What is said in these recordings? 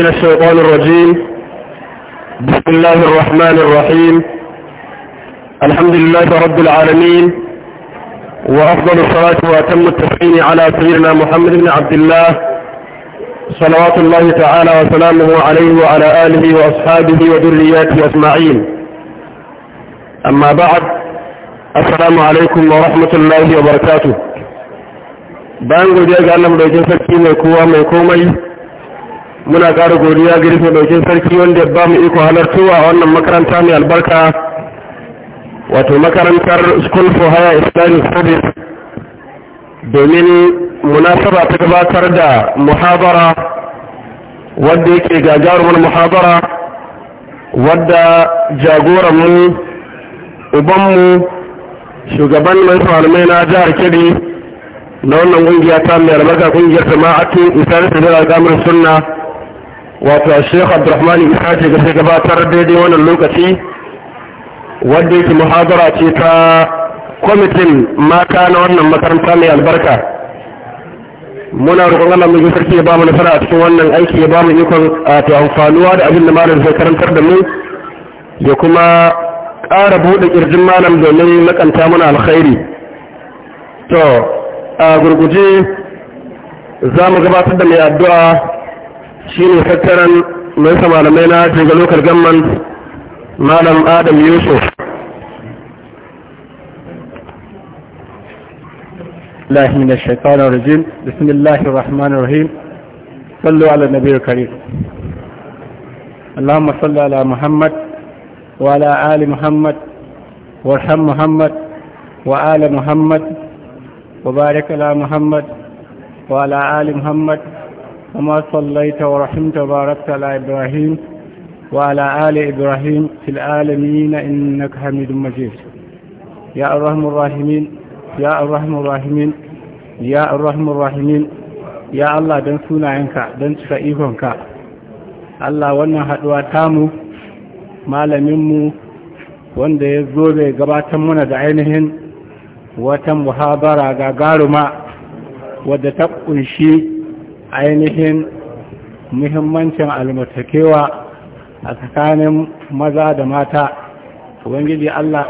من الشيطان الرجيم بسم الله الرحمن الرحيم الحمد لله رب العالمين وأفضل الصلاة وأتم التسليم على سيدنا محمد بن عبد الله صلوات الله تعالى وسلامه عليه وعلى آله وأصحابه وذرياته أجمعين أما بعد السلام عليكم ورحمة الله وبركاته bayan godiya ga Allah mai sarki mai kowa muna ƙara godiya ga rufe ɗaukin sarki wanda ba mu iko halartowa a wannan makaranta mai albarka wato makarantar school for higher islamic studies domin munasaba ta gabatar da muhabara wadda yake gagarumin muhabara wadda jagoranmu ubanmu shugaban mai na jihar kiri na wannan ƙungiya ta mai albarka ƙungiyar jama'atu isa da jiragen sunna wato Sheikh abdurrahman Isa ce ga gabatar daidai wannan lokaci wanda yake muhadara ce ta kwamitin mata na wannan makaranta mai albarka muna roƙon Allah mai sarki ya ba mu nasara a cikin wannan aiki ya ba mu ikon ta amfanuwa da abin da malam zai karantar da mu ya kuma ƙara buɗe ƙirjin malam domin lakanta muna alkhairi to a gurguje za mu gabatar da mai addu'a shine tattaran mai malamai na daga lokal gamman malam adam yusuf الله من الشيطان الرجيم بسم الله الرحمن الرحيم صلوا على النبي الكريم اللهم صل على محمد وعلى آل محمد وارحم محمد وآل محمد وبارك على محمد وعلى آل محمد كما صليت ورحمت وباركت على إبراهيم وعلى آل إبراهيم في العالمين إنك حميد مجيد يا أرحم الراحمين يا أرحم الراحمين يا أرحم الراحمين ya Allah don sunayenka don cika ikonka Allah wannan haduwa tamu malaminmu wanda ya zo da gabatar mana da ainihin wata muhabara gagaruma wadda ta ƙunshi. ainihin muhimmancin almatakewa a tsakanin maza da mata ubangiji Allah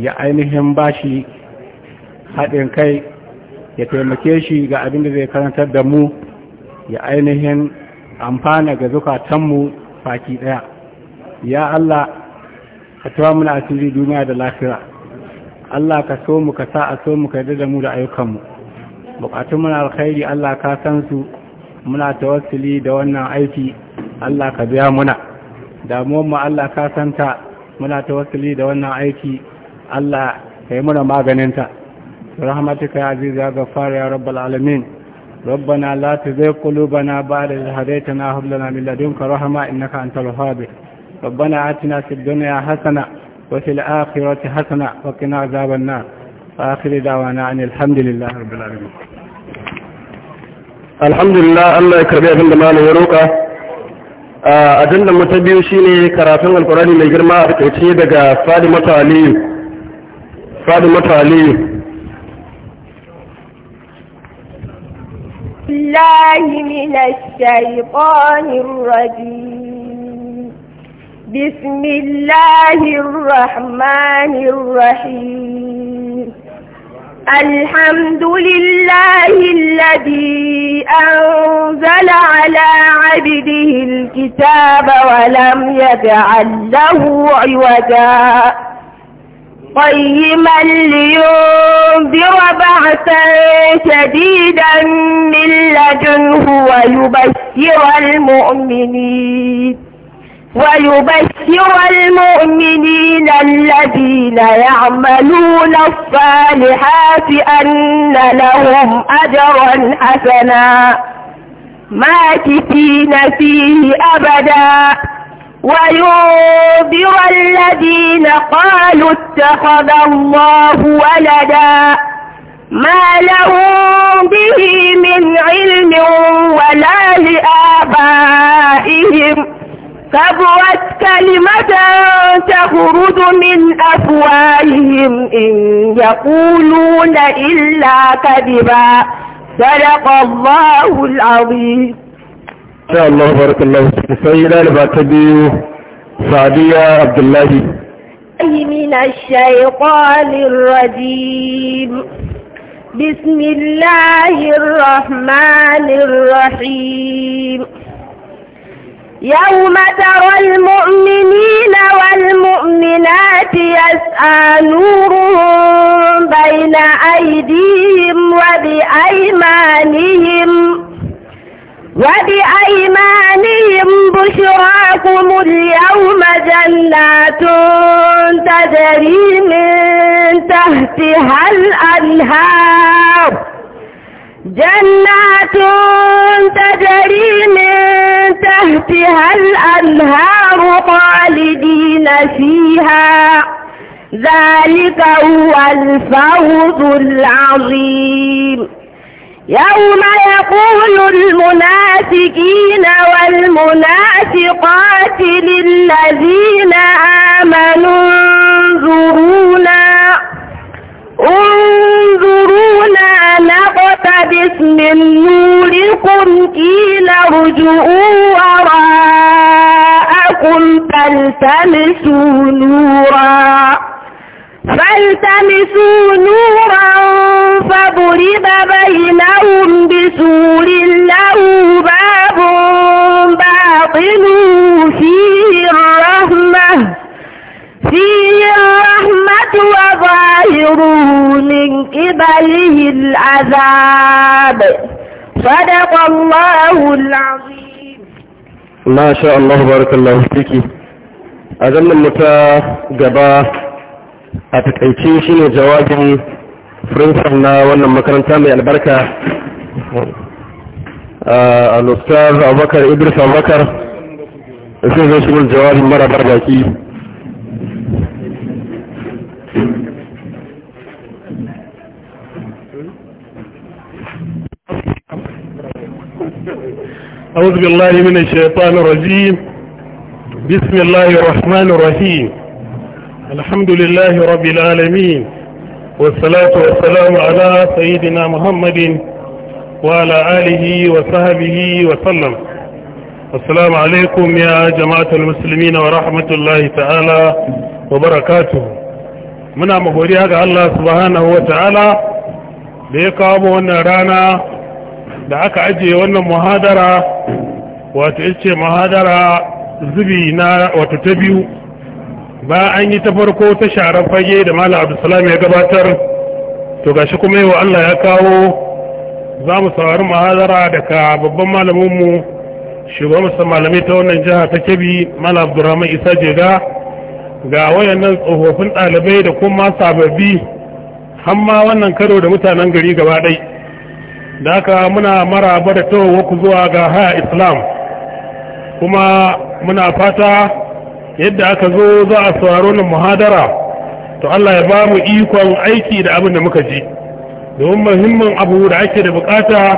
ya ainihin bashi haɗin kai ya taimake shi ga abin da zai karantar da mu ya ainihin amfana ga zukatanmu faki ɗaya ya Allah ka tuwa muna asiri duniya da lafira Allah ka so mu ka sa a so mu ka yadda da mu da ayyukanmu bukatun muna alkhairi Allah ka san su muna tawassuli da wannan aiki Allah ka biya muna damuwar mu Allah ka santa muna tawassuli da wannan aiki Allah ka yi muna ta rahmatuka ya aziz ya gaffar ya rabbal alamin ربنا لا تزغ قلوبنا بعد إذ هديتنا na لنا من لدنك رحمة إنك أنت الوهاب ربنا آتنا في الدنيا حسنة وفي الآخرة حسنة وقنا عذاب النار آخر دعوانا أن الحمد لله رب العالمين alhamdulillah Allah ya karbi abin da malam ya roƙa a ajandar mu ta biyu shine karatun alqurani mai girma a takaice daga ta aliyu fadimata aliyu Allahu minash shaytanir rajim Bismillahir rahmanir rahim الحمد لله الذي أنزل على عبده الكتاب ولم يجعل له عوجا قيما لينذر بعثا شديدا من لدنه ويبشر المؤمنين ويبشر المؤمنين الذين يعملون الصالحات أن لهم أجرا حسنا ماكثين فيه أبدا وينذر الذين قالوا اتخذ الله ولدا ما لهم به من علم ولا لآبائهم كبرت كلمة تخرج من أفواههم إن يقولون إلا كذبا صدق الله العظيم إن شاء الله بارك الله فيك سيدة الباتبي سعدية عبد الله من الشيطان الرجيم بسم الله الرحمن الرحيم يوم ترى المؤمنين والمؤمنات يسعى نورهم بين أيديهم وبأيمانهم وبأيمانهم بشراكم اليوم جنات تجري من تحتها الأنهار جنات تجري من تحتها الأنهار خالدين فيها ذلك هو الفوز العظيم يوم يقول المنافقين والمنافقات للذين آمنوا انظرونا انظرونا نقتبس من نوركم قيل ارجعوا وراءكم فالتمسوا نورا فالتمسوا نورا فضرب بينهم بسور له باب باطن فيه الرحمه فيه الرحمة وظاهره من قبله العذاب صدق الله العظيم ما شاء الله بارك الله فيك أزمن متى جبا أتكأيتي شنو جوابي فرنسنا وانا مكرنتا تامي البركة الأستاذ أبكر بكر أبكر أبو بكر zai zo shi mun أعوذ بالله من الشيطان الرجيم بسم الله الرحمن الرحيم الحمد لله رب العالمين والصلاة والسلام على سيدنا محمد وعلى آله وصحبه وسلم السلام عليكم يا جماعة المسلمين ورحمة الله تعالى وبركاته muna mahoriya ga Allah subhanahu wa ta'ala da ya kawo wannan rana da aka ajiye wannan muhadara wato yace muhadara zubi na wato ta biyu ba an yi ta farko ta sharar fage da malam abdulsalam ya gabatar to gashi kuma yau Allah ya kawo za mu saurari muhadara daga babban malaminmu shugaban malami ta wannan jiha ta kebi malam Abdulrahman isa jega ga wayannan tsofaffin ɗalibai da kuma sababbi hamma wannan karo da mutanen gari gaba ɗaya. da haka muna maraba da tawo ku zuwa ga haya islam kuma muna fata yadda aka zo za a sauraro na muhadara to Allah ya ba mu ikon aiki da abin da muka ji domin muhimmin abu da ake da bukata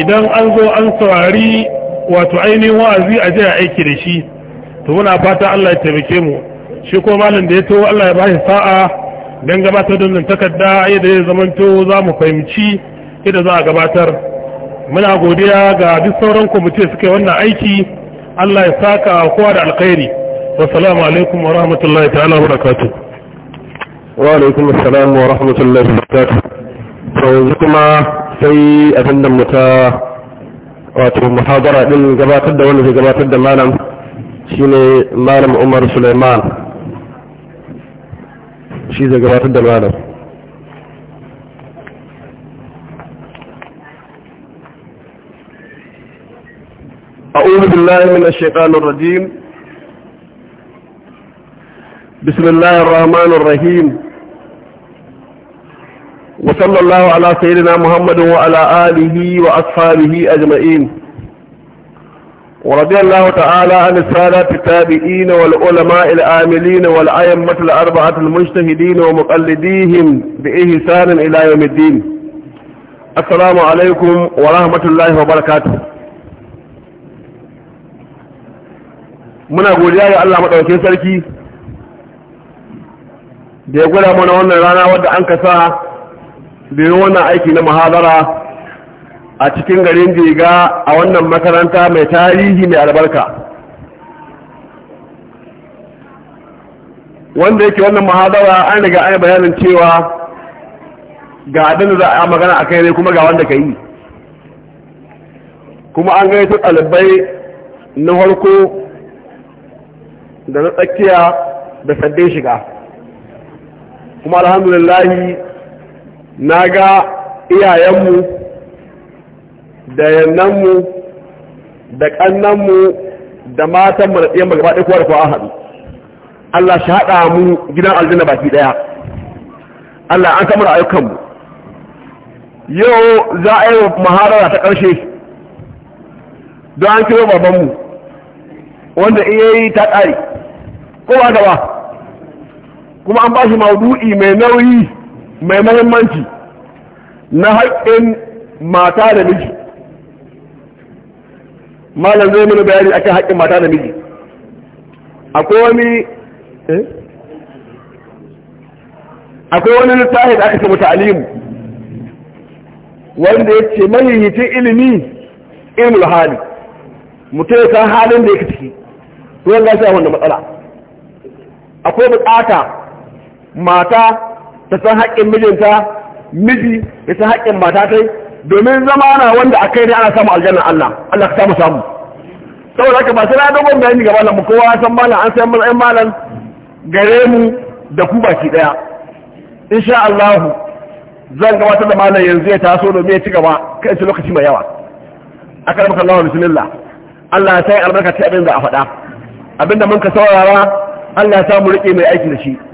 idan an zo an saurari wato ainihin wa'azi a jiya aiki da shi to muna fata Allah ya taimake mu shi ko malam da ya to Allah ya ba shi sa'a don gabatar da takarda yadda ya zamanto za mu fahimci yadda za a gabatar muna godiya ga duk sauran kwamiti suka yi wannan aiki allah ya saka kowa da alkhairi wasalamu alaikum wa rahmatullahi ta'ala wa barakatu wa alaikum assalam wa rahmatullahi wa barakatu to yanzu kuma sai ajandan mu ta wato muhabara din gabatar da wanda zai gabatar da malam shine malam umar suleiman shi zai gabatar da malam أعوذ بالله من الشيطان الرجيم بسم الله الرحمن الرحيم وصلى الله على سيدنا محمد وعلى آله وأصحابه أجمعين ورضي الله تعالى عن السادة التابعين والعلماء العاملين والأئمة الأربعة المجتهدين ومقلديهم بإحسان إلى يوم الدين السلام عليكم ورحمة الله وبركاته muna godiya ga Allah madaukakin sarki da ya gwada mana wannan rana wadda an kasa yi wannan aiki na muhadara a cikin garin Jiga a wannan makaranta mai tarihi mai albarka wanda yake wannan muhadara an riga an bayanin cewa ga abin da za a magana a kai ne kuma ga wanda ka yi kuma an gaito ɗalibai na farko da na tsakiya da sabbin shiga kuma alhamdulillah na ga iyayenmu da yannanmu da ƙannanmu da matanmu da ba gaba ɗaya kowa da kowa haɗu Allah shi haɗa mu gidan aljanna baki ɗaya Allah an kamar ayyukanmu yau za a yi maharara ta ƙarshe don an kiro babanmu wanda iya yi ta ƙari ko ba kuma an bashi maudu'i mai nauyi mai mahimmanci na haƙƙin mata da miji malam zai mini bayani akan haƙƙin mata da miji akwai wani eh? akwai wani littafi da aka ce mata alimu wanda ya ce mahimmancin ilimi ilmul hali mutum ya san halin da yake ciki ruwan gashi a wanda matsala akwai bukata mata ta san haƙƙin mijinta miji ya san haƙƙin mata ta yi. domin zama na wanda a kai ne ana samun aljanna Allah Allah ka samu samu saboda haka ba sai na dogon bayani gaba malam kowa san malam an san malam malam gare mu da ku baki daya insha Allah zan gabatar da malam yanzu ya taso domin ya ci gaba kai su lokaci mai yawa akramaka Allah bismillah Allah ya sai albarka ta abin da a faɗa abinda mun ka saurara Allah ya samu rike mai aiki da shi